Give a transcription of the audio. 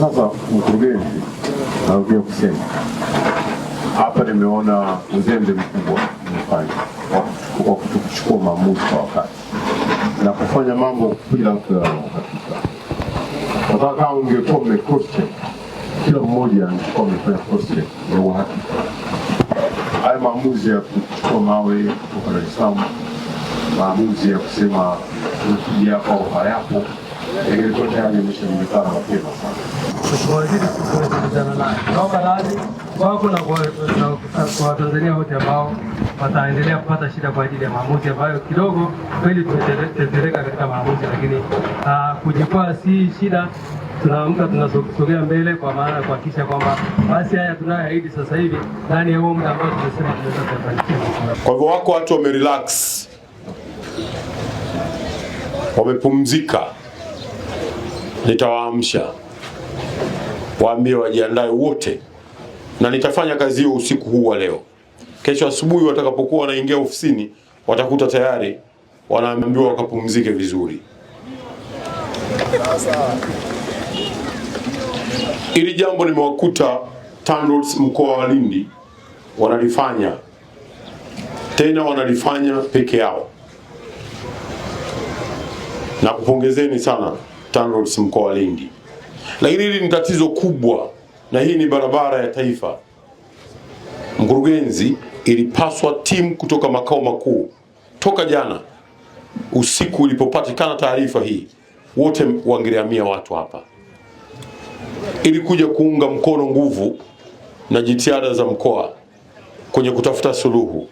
Sasa mkurugenzi, narudia kusema hapa, nimeona uzembe mkubwa umefanya kwa kutokuchukua maamuzi kwa wakati na kufanya mambo bila uhakika. Sasa kama ungekuwa mme kila mmoja angekuwa amefanya cross ya uhakika. Haya maamuzi ya kuchukua mawe kutoka Dar es Salaam, maamuzi ya kusema nakuja hapa au hayapo, ingekuwa tayari imeshajulikana mapema sana kuwazidi kuwezana naye. Naomba radhi kwako na kwa Watanzania wote ambao wataendelea kupata shida kwa ajili ya maamuzi ambayo kidogo kweli tumetetereka katika maamuzi, lakini ah, kujikwaa si shida tunaamka tunasogea mbele, kwa maana ya kuhakikisha kwamba basi haya tunayoahidi sasa hivi ndani ya huo muda ambao tumesema tunaweza kuyafanikiwa. Kwa hivyo wako watu wamerelax, wamepumzika, nitawaamsha waambie wajiandae wote, na nitafanya kazi hiyo usiku huu wa leo. Kesho asubuhi watakapokuwa wanaingia ofisini, watakuta tayari wanaambiwa wakapumzike vizuri. Ili jambo limewakuta TANROADS mkoa wa Lindi, wanalifanya tena, wanalifanya peke yao. Nakupongezeni sana TANROADS mkoa wa Lindi. Lakini hili ni tatizo kubwa, na hii ni barabara ya taifa. Mkurugenzi, ilipaswa timu kutoka makao makuu toka jana usiku ilipopatikana taarifa hii, wote wangelihamia watu hapa ili kuja kuunga mkono nguvu na jitihada za mkoa kwenye kutafuta suluhu.